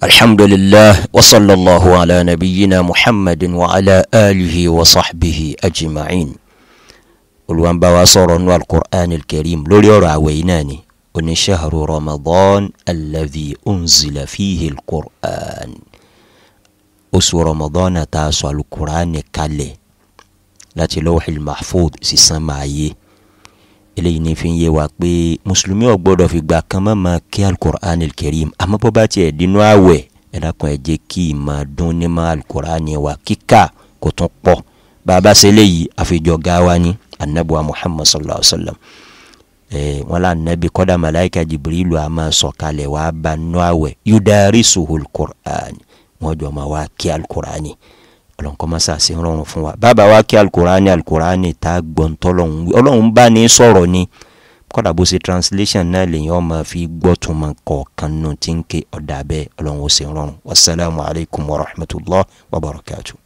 الحمد لله وصلى الله على نبينا محمد وعلى آله وصحبه أجمعين ولوان بواسر والقرآن الكريم لوليورا ويناني ون شهر رمضان الذي أنزل فيه القرآن أسو رمضان تاسو القرآن كالي لاتي لوح المحفوظ سي سيسمعيه eléyìí ní fi ń yé wa pé mùsùlùmí ò gbọ́dọ̀ fi gbà kan mọ́ máa kí alukur'an kẹrim àmọ́ bó bá tiẹ̀ dínú àwẹ̀ ẹ dákun ẹ jẹ́ kí ìmọ̀ dún ní mọ́ alukur'an wa kíkà kò tún pọ̀ bàbá ṣe léyìí àfijọ́ gáwa ni anabuwa muhammad sallallahu alaihi wa sallam wọn là nàbí kọ́dà màláìka jibrilu a máa sọ̀kalẹ̀ wàá bá nù àwẹ̀ yudari suhul kur'an wọn jọ máa wá kí alukur'an ọlọ́run kọ́ máa ṣàṣe rọrùn fún wa bàbá wa kí alukurani alukurani tá a gbọ́ ntọ́lọ́run ọlọ́run bá ní sọ̀rọ̀ ni kọ́dà bó ṣe translation náà lèyìn ọmọ fi gbọ́ tuma kọ̀ọ̀kan nù tí ń ké ọ̀dà bẹ́ẹ̀ ọlọ́run ó ṣe rọrùn wasalaamualeykum wa rahmatulah wa barakatuh.